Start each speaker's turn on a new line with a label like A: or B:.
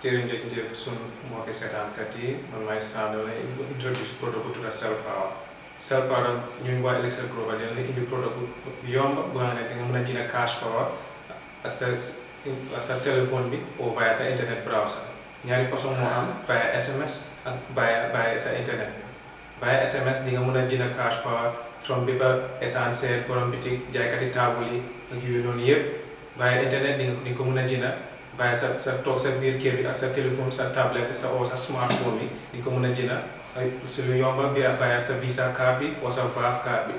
A: jërëjëf njëf suñ mbokki seetaankat yi man maay Sado la introduce produit bu tudda Cell Power Cell Power ñun waa Electric Global dañ la indi produit bu yomb bu nga di nga mën a jënd cash power ak sa sa téléphone bi ou via sa internet browser ñaari façon moo am via SMS ak via via sa internet bi SMS di nga a jënd cash power from bi ba essence borom bitik jaaykati taabul yi ak yooyu noonu yëpp via internet di ko mën a jënd bàyyi sa sa toog sa biir kër bi ak sa téléphone sa tablette sa oo sa smartphone bi di ko a jënd su yomba bi bàyyi sa visa card oo sa vaaf card bi